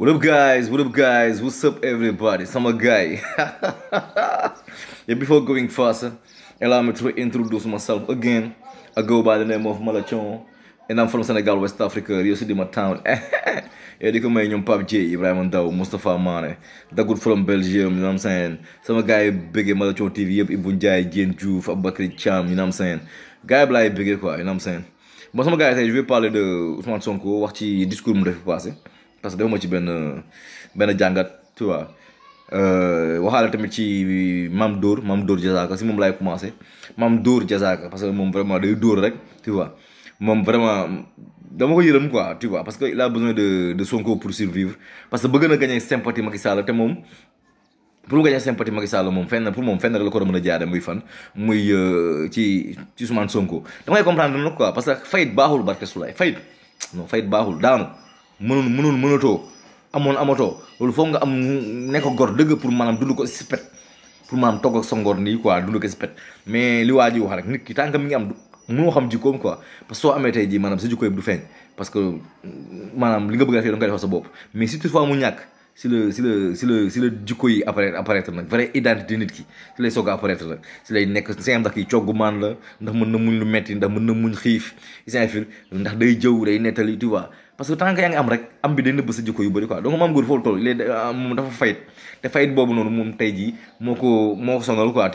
What up, guys? What up, guys? What's up, everybody? It's my guy. yeah, before going faster, allow me to introduce myself again. I go by the name of Malachon, and I'm from Senegal, West Africa, Rio City, my town. yeah, they come in your Pap J, Ibrahim Ndao, Mustafa Mane, the good from Belgium, you know what I'm saying? Some guy big Malachon TV, Ibn Jai, Jane Diouf, Abakri Cham, you know what I'm saying? Guy like big, quoi, you know what I'm saying? But some guys, eh, je vais parler de Ousmane Sonko, voir si discours me fait passer. parce que dama ci ben ben jangat tu vois euh waxala tamit ci mam dour mam dour jazaka si mom lay commencer eh. mam dour jazaka parce que mom vraiment day dour rek tu vois mom vraiment dama ko yeureum quoi tu vois parce que il a besoin de de son corps pour survivre parce que bëgg na gagner sympathie Macky Sall te mom pour gagner kan sympathie Macky Sall mom fenn pour mom fenn rek la ko do meuna mën muy fan muy ci ci Ousmane Sonko dama ngay comprendre nag quoi parce que fayit baaxul barke Soulay fayit non fayit baaxul daanu mënul mënul mënatoo amoon amatoo loolu foog nga am nekk gor dëgg pour maanaam dund ko si pet pour maanaam sa ngor nii quoi dund ko mais li ji wax rek nit ki tànk mi ngi am mënoo xam jikkoom quoi parce que soo amee tey jii maanaam sa jikko yëpp du parce que maanaam li nga bëgg a nga koy defal sa bopp mais si toutefois mu ñàkk si la si la si la si la jikko yi apparaître identité nit ki si lay soog a apparaître lay nekk si am ndax kii coggu maan la ndax mën na muñ lu metti ndax mën na muñ xiif isinfir ndax day jëw day nettali tu vois parce que tant que yaa ngi am rek am bi day nëbb sa jikko yu bëri quoi donc maam góor foofu toll léegi euh, moom dafa fayit te fayit boobu noonu moom tey jii moo ko moo ko sonal quoi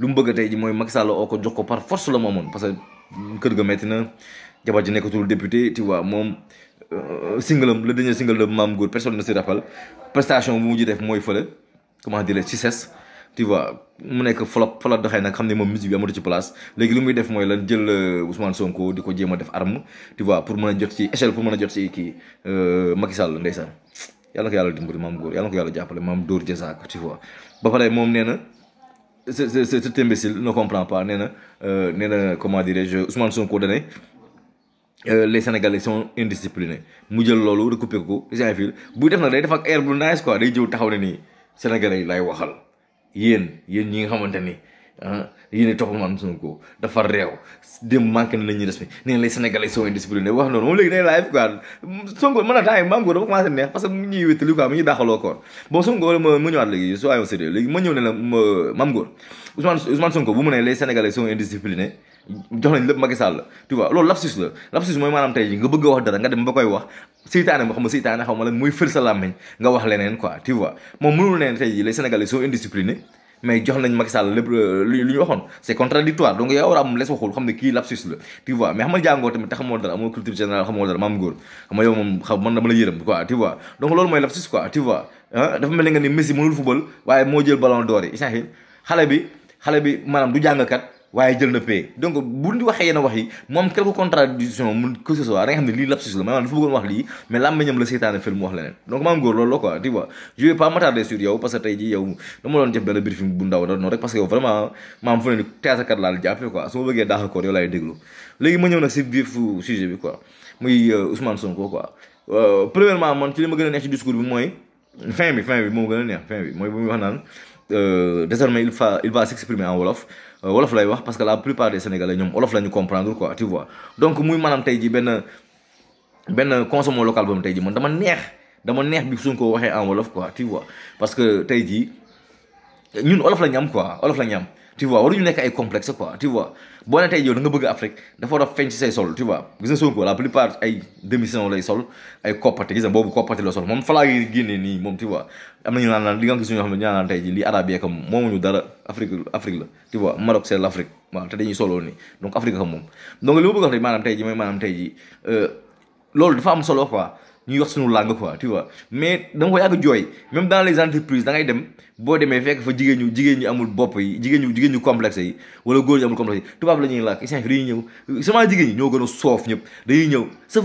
mu bëgg tey ji mooy Macky Sall oo ko jox ko par force la moomoon parce que kër ga metti na jabar ji nekkatul député tu moom euh, single am le dernier single de maam góor personne ne se rappelle prestation bu mu def mooy fële comment dire ci ses tu vois mu nekk flop flop doxee nag xam ne moom musique bi amatu ci place léegi li muy def mooy lan jël euh, Ousmane Sonko di ko jéem a def arme tu vois pour mën a jot ci échelle pour mën a jot ci kii euh, Macky Sall ndeysaan yàlla ko yàlla dimbali maam góor yàlla ko yàlla jàppale maam dóor jazaak tu vois ba pare moom nee na ce ce cet imbécile ne comprend pas nee na euh, nee na comment dirais-je Ousmane Sonko da ne les Sénégalais sont indisciplinés mu jël loolu recoupé ko si ay fil buy def nag day def air bu nice quoi day jëw taxaw ne nii Sénégalais yi lay waxal. yéen yéen ñi nga xamante ni ah, yéen i topp Ousmane Sonko dafa réew démb manqué na la ñuy respect nee na lay sénégalais sont indisciplinés wax noonu moom léegi day live quoi Sonko mën a temps maam dafa commencé neex parce que mu ñuy wéttali quoi mu ñuy daaxaloo koon bon Sonko ma ma ñëwaat léegi soyons sérieux léegi ma ñëw ne la maam Góor Ousmane Ousmane bu mu ne les sénégalais sont indisciplinés jox lañ lépp Macky la tu loolu lapsus la lapsus mooy maanaam tey nga bëgg a wax dara nga dem ba koy wax seytaane ma xam ma seytaane xaw ma lan mooy fër euh, waxoon c' contradictoire donc yaa war am lees waxul xam ne kii lapsus la tu mais xam nga jàngoo tamit te xamoo dara dara maam góor xam nga yow moom xam man la yërëm quoi tu donc loolu mooy lapsus quoi tu ah dafa mel ni nga ni Messi mënul football waaye moo jël ballon d'or yi xale bi xale bi maanaam du waaye jël na pay donc bu ñu waxee yenn wax yi moom quelque contradiction mun que ce soit da nga xam ne lii lapsus la maanaam dafa bëggoon wax lii mais làmmiñam la seytaane fël mu wax leneen donc maam góor loolu la quoi tu vois je vais pas m'attarder sur yow parce que tey jii yow dama doon def benn briefing bu ndaw noonu rek parce que yow maam fu ne ni théâtre laa la jàppee quoi su ma bëggee daax akoor yow laay déglu léegi ma ñëw nag si vif sujet bi euh, Euh, désormais il va il va s'exprimer en wolof euh, wolof lay wax parce que la plupart des sénégalais ñoom wolof la ñu comprendre ko tu vois donc muy maanaam tey ji benn benn consommation locale boobu tey ji man dama neex dama neex bi suñ koo waxee en wolof quoi tu parce que tey jii ñun olof la ñu am quoi wolof la ñu am tu vois waruñu nekk ay complexe dafa war a feeñ ci say sol la plupart ay demi saison lay sol ay koppate gis nga boobu koppate la sol moom falaa yi génnee nii moom tu vois am nañu naan naan li nga gis ñoo xam ñu dara Afrique la tu vois Maroc c'est l'Afrique waaw te dañuy soloo nii donc Afrique xam moom donc li ma bëgg ñuy wax sunu langue quoi tu vois mais dama ko yàgg jooy même dans da ngay dem boo demee fekk fa jigéen ñu jigéen ñu amul bopp yi jigéen ñu jigéen ñu complexe yi wala góor ñu amul complexe yi tubaab la ñuy làkk instant bi dañuy ñëw ñoo gën a soof ñëpp dañuy ñëw ça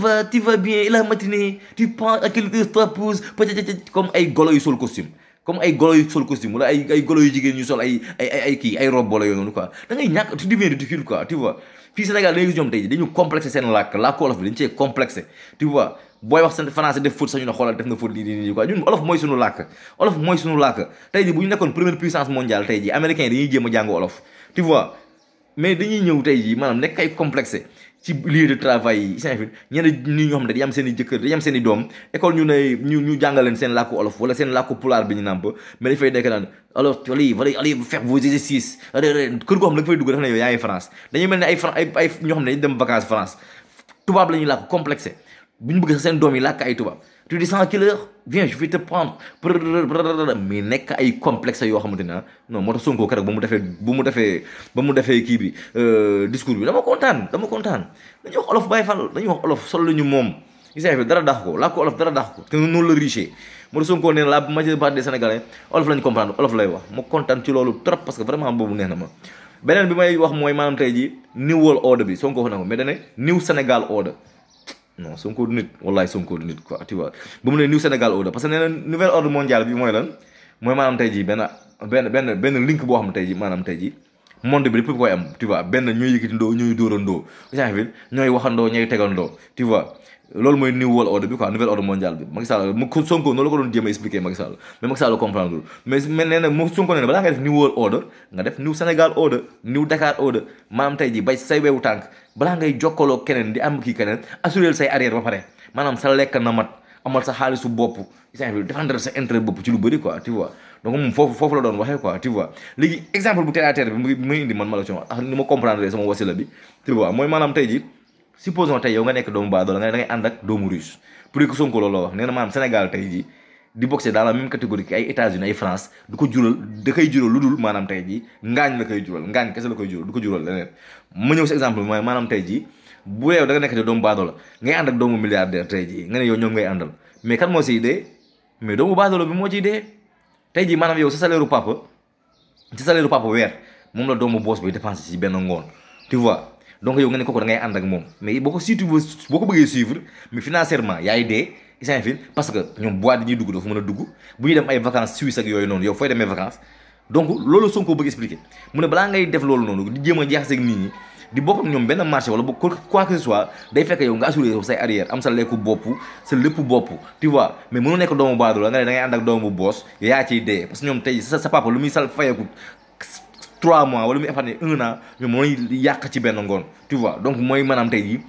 va ay golo yu sol costume comme ay golo yu sol costume wala ay golo yu jigéen ñu sol ay ay ay kii ay robe la yooyu noonu quoi da ngay ñàkk tu deviens ridicule quoi tu vois fii Sénégal dañuy gis ñoom tey dañu complexé seen làkk làkku wolof bi dañu cee complexé tu booy wax sant français def foot sax ñu ne xoolal def na foot lii lii lii quoi ñun olof mooy suñu làkk olof mooy suñu làkk tey ji bu ñu a jàng nekk ay complexé ci lieu de travail yi seen ñenn ñi ñoo xam seen i jëkkër dañuy am seen i doom école ñu ñu ñu jàngaleen seen làkku olof wala seen làkku pulaar bi ñu nàmp mais dañ fay nekk naan alors allez allez allez faire mel ne ay ay ñoo xam ne dañ dem vacances France tubaab bu ñu bëgg seen doom yi làkk ay tubaab tu dis sans killer viens je nekk ay complexe yoo xamante ne ah non moo tax Sonko keroog ba defee ba mu defee ba mu defee kii bi discours bi dama kontaan dama kontaan dañuy wax olof Baye Fall wax olof sol la ñu moom gisee bi dara dàq ko làkk olof dara dàq ko te noonu la riche moo na la majorité olof lay wax ma kontaan ci loolu trop parce que vraiment boobu neex na ma beneen bi may wax mooy maanaam tey ji new world order bi Sonko wax na ko mais dane new Sénégal order non Sonko du nit wallaay Sonko du nit quoi tu vois ba mu ne New Sénégal order parce que nee na nouvel ordre mondial bi mooy lan mooy maanaam tey jii benn benn benn benn link boo xam ne tey jii maanaam tey ji monde bi lépp koy am tu vois benn ñooy yëkkati ñooy dóorandoo yaa ngi fi ñooy waxandoo ñooy tegandoo tu loolu mooy new world order bi quoi nouvelle ordre mondiale bi Macky Sall mu Sonko noonu a expliquer Macky balaa nga def new world order new Dakar order maanaam tey jii bay say wewu tànk balaa ngay jokkaloo keneen di am kii keneen assuréel say arrière ba pare maanaam sa lekk na mat amal sa xaalisu bopp exemple défendre sa intérêt ci lu bëri ko tu vois donc moom foofu la doon waxee quoi tu vois léegi exemple bu terre à terre bi mu indi man ma la ci wax ni ma comprendre sama wasila bi tu vois mooy maanaam tey jii supposons tey yow nga nekk doomu baadoola nga ne da ngay doomu russe pour que Sonko looloo wax nee na maanaam Sénégal tey jii di boxer dans la même catégorie que ay États-Unis ay France du ko jural da koy jural lu dul maanaam tey jii ngaañ la koy jural ngaañ kese la koy jural ko jural leneen ma ñëw si exemple bi tey jii bu yow da nga nekk te doomu nga ne yow ñoom ngay àndal mais kan moo siy mais doomu baadoola bi moo ciy dee tey ji maanaam yow sa salaire papa sa salaire weer moom la doomu boos bi dépensé ci benn ngoon tu vois donc yow nga ne kooku da ngay ak moom mais boo ko surtout boo ko bëggee suivre mais financièrement yaay dee isaan fi parce que ñoom boîte dañuy dugg doo a dugg bu ñuy dem ay vacances Suisse ak yooyu noonu yow fooy demee vacances donc loolu Sonko bëgg balaa ngay def noonu jéem a jaaxase ak nit di bokk ñoom benn marché wala quoi que ce soit day fekk yow nga assuré yow say am sa lekku bopp lépp bopp tu vois mais mënoo nekk doomu baadoola nga ne da doomu boos yaa ciy dee parce que ñoom tey sa papa lu muy sal fayeku trois mois wala muy épargner un an mais mooy yàq ci benn ngoon tu vois donc mooy maanaam tey jii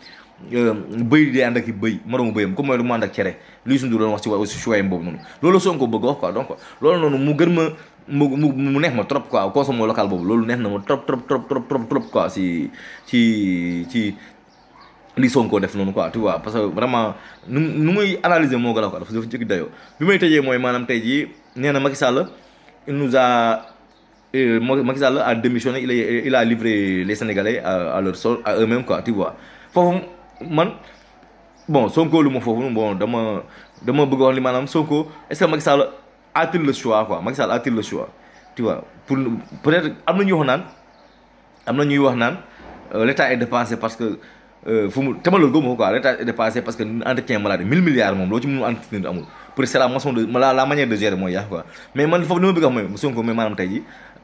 euh, bëy day ànd ak i bëy moroomu bëyam comme mooy lu mu ànd cere luy sundu doon wax ci wa choix boobu noonu loolu Sonko bëgg wax quoi donc loolu noonu mu gën ma ma trop quoi consommation locale boobu loolu neex na ma trop trop trop trop trop trop quoi ci ci li Sonko def noonu ko tu vois parce que vraiment nu nu muy analyser moo gën a quoi dafa dafa jëkk dayoo bi may tëjee mooy maanaam tey jii nee na Macky Sall et euh, Macky Sall a démissionné il a il a livré les Sénégalais à, leur sort à eux-mêmes quoi tu vois foofu man bon Sonko lu ma bon dama dama bëgg wax li maanaam Sonko est-ce que Macky Sall a-t-il le choix quoi Macky Sall a-t-il le choix tu vois peut-être am na ñuy wax naan am ñuy wax euh, l'État est dépassé parce que Euh, mu te ma quoi l'État est dépassé parce que entretien malade, 1000 milliards moom loo ci mënul entretenir amul pour c'est la façon de la manière de gérer mooy quoi mais man foofu li ma je a wax mooy Sonko mais maanaam tey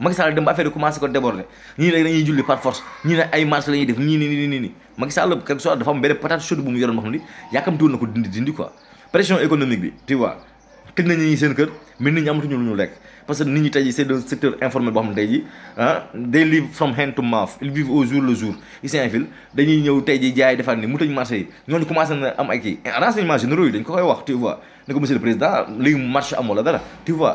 Macky Sall dem ba affaire yi commencé ko déborder ñii léegi dañuy julli par force ñii ne ay marche la def nii nii nii nii nii Macky Sall soit dafa am benn patate chaude bu mu yoroon wax ni yàkkamti na ko dindi dindi quoi pression économique bi tu vois tëj nañ ñi seen kër mais nit ñi amatuñu lu ñu lekk parce que ni ñi tey jii c'est un secteur informel boo xam ne tey jii ah, from hand to mouth ils vivent au jour le jour ici en ñëw tey jii jaay defaat ni mu tëj marché yi ñooñu commencé na am ay kii yi dañ ko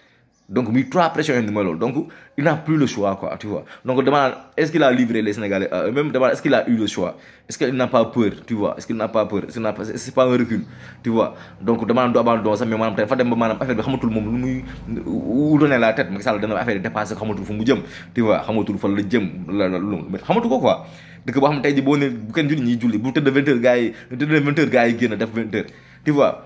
Donc, trois pressions Donc, il n'a plus le choix, quoi, tu vois. Donc, demande, est-ce qu'il a livré les Sénégalais euh, est-ce qu'il a eu le choix Est-ce qu'il n'a pas peur, tu vois Est-ce qu'il n'a pas peur C'est pas un recul, tu vois. Donc, demande, ça, mais je ne tout le monde, où donner la tête, mais ça, le affaire dépasser, comment tout le monde, tu vois, comment tout le monde, le comment tout quoi ne ne bu gars gars tu vois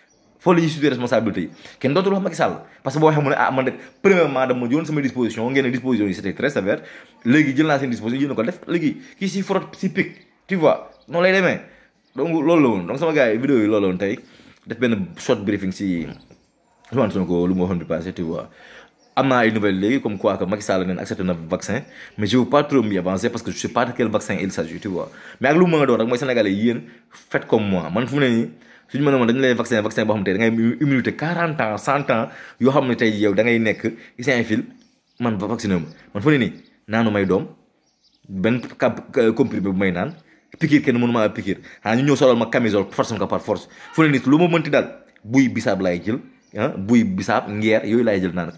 faut de responsabilité kenn dootul wax Macky Sall parce que boo waxee mu ne ah man de premièrement dama jëloon sama disposition ngeen disposition yi c'était très sévère Les gens, jël ont une disposition ils ont une léegi kii si frotte si pic tu vois non, les mains. donc loolu la woon donc sama gars yi vidéo yi loolu la woon tey def benn short briefing si Ousmane Sonko lu mu waxoon bi passé tu ya, vois am une nouvelle nouvelles comme quoi que Macky Sall a accepté un vaccin ya. mais je ne veux pas trop m'y avancer parce que je ne sais pas de quel vaccin il s'agit tu vois mais ak lu mu mën a doon rek mooy sénégalais faites comme moi man fu mu suñu mëna a moon vaksin leen vaccin vaccin bo xam te da ngay immunité 40 ans 100 ans yo xam ne tey yow da ngay nekk isin fil man ba vacciné ma man fa ni nanu may dom ben comprimé bu may nan pikir ken mënu maa piqûre ñu ñëw solo ma camisole force nga par force fu ni nii lu ma mënti dal buy bisab lay jël hein buy bisab ngier yoy lay jël nan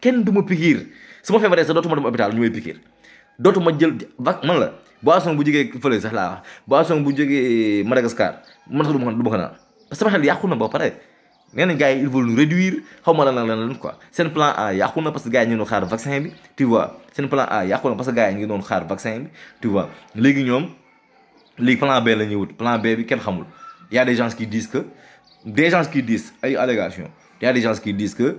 ken du ma piqûre su ma feebaree vaksin dem hôpital ñu may piqûre dootuma jël vac man la boisson bu jógee feulé sax la boisson bu jógee Madagascar man sax du ma du parce que sama xel yàqu na ba pare nee nañ yi ils veulent nous réduire xaw ma lan lan lan quoi seen plan A yàqu na parce que gars yi ñu doon xaar vaccin bi tu vois A yàqu na parce que gars doon xaar vaccin bi tu vois léegi ñoom léegi plan B la ñuy wut plan B bi kenn xamul y a des gens qui disent que des gens qui disent ay allégation y a des gens qui disent que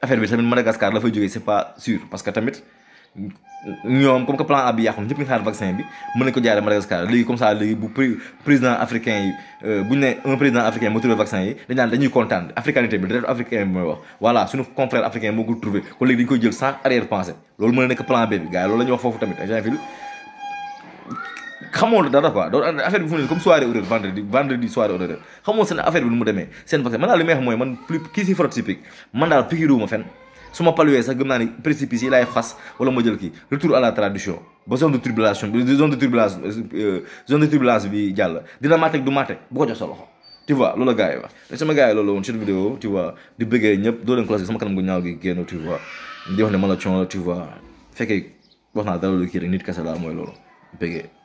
affaire bi tamit Madagascar la fay jógee c'est pas sûr parce que tamit. ñoom comme que plan A bi yàqu na ñëpp ñu xaar vaccin bi mën nañ ko jaaree Madagascar léegi comme ça léegi bu président africain yi euh, bu ñu un président africain moo trouvé vaccin yi dañ naan dañuy kontaan africanité bi def africain bi mooy wax voilà suñu confrère africain moo ko trouvé kon léegi dañu koy jël sans arrière pensée loolu mën na nekk plan B bi gars yi loolu la ñu wax foofu tamit agent fil xamoon dara quoi donc affaire bi fu mu ne comme soirée horreur vendredi vendredi soirée horreur xamoon seen affaire bi nu mu demee seen vaccin man daal li may wax mooy man plus kii si fraude si pic man daal piqûre wu fenn suma palué paluwee sax gëm naa ne précipice yi fas wala mo jël ki retour à la tradition ba zone de tribulation zone de tribulation euh, zone de tribulation bi jàll dina maate du maté bu ko jox sa loxo tu vois lolu gaay gars yi wax te sama gaay lolu won ci vidéo tu vois di bëggé ñëpp do leen classé sama kanam gu ñaaw gi génn tu vois di wax ni mala la tu vois fekkee wax na dara lu kii rek nit kassa la moy lolu bëggé